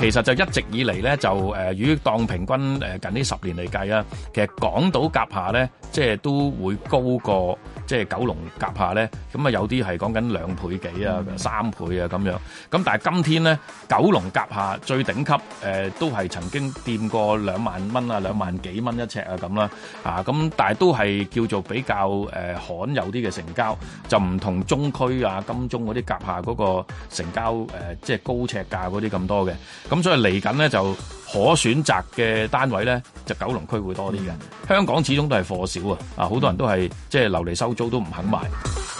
其實就一直以嚟咧，就誒，如、呃、果當平均、呃、近呢十年嚟計啊，其實港島夾下咧，即係都會高過。即係九龍甲廈咧，咁啊有啲係講緊兩倍幾啊、三倍啊咁樣。咁但係今天咧，九龍甲廈最頂級誒都係曾經掂過兩萬蚊啊、兩萬幾蚊一尺啊咁啦。啊，咁但係都係叫做比較誒罕有啲嘅成交，就唔同中區啊、金鐘嗰啲甲廈嗰個成交誒，即係高尺價嗰啲咁多嘅。咁所以嚟緊咧就。可選擇嘅單位呢，就九龍區會多啲嘅。的香港始終都係貨少啊，啊好多人都係即係留嚟收租都唔肯賣。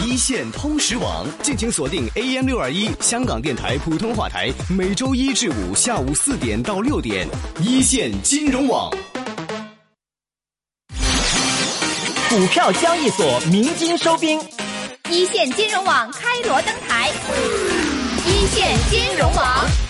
一線通識網，敬請鎖定 AM 六二一香港電台普通話台，每周一至五下午四點到六點。一線金融網，股票交易所明金收兵，一線金融網開鑼登台，一線金融網。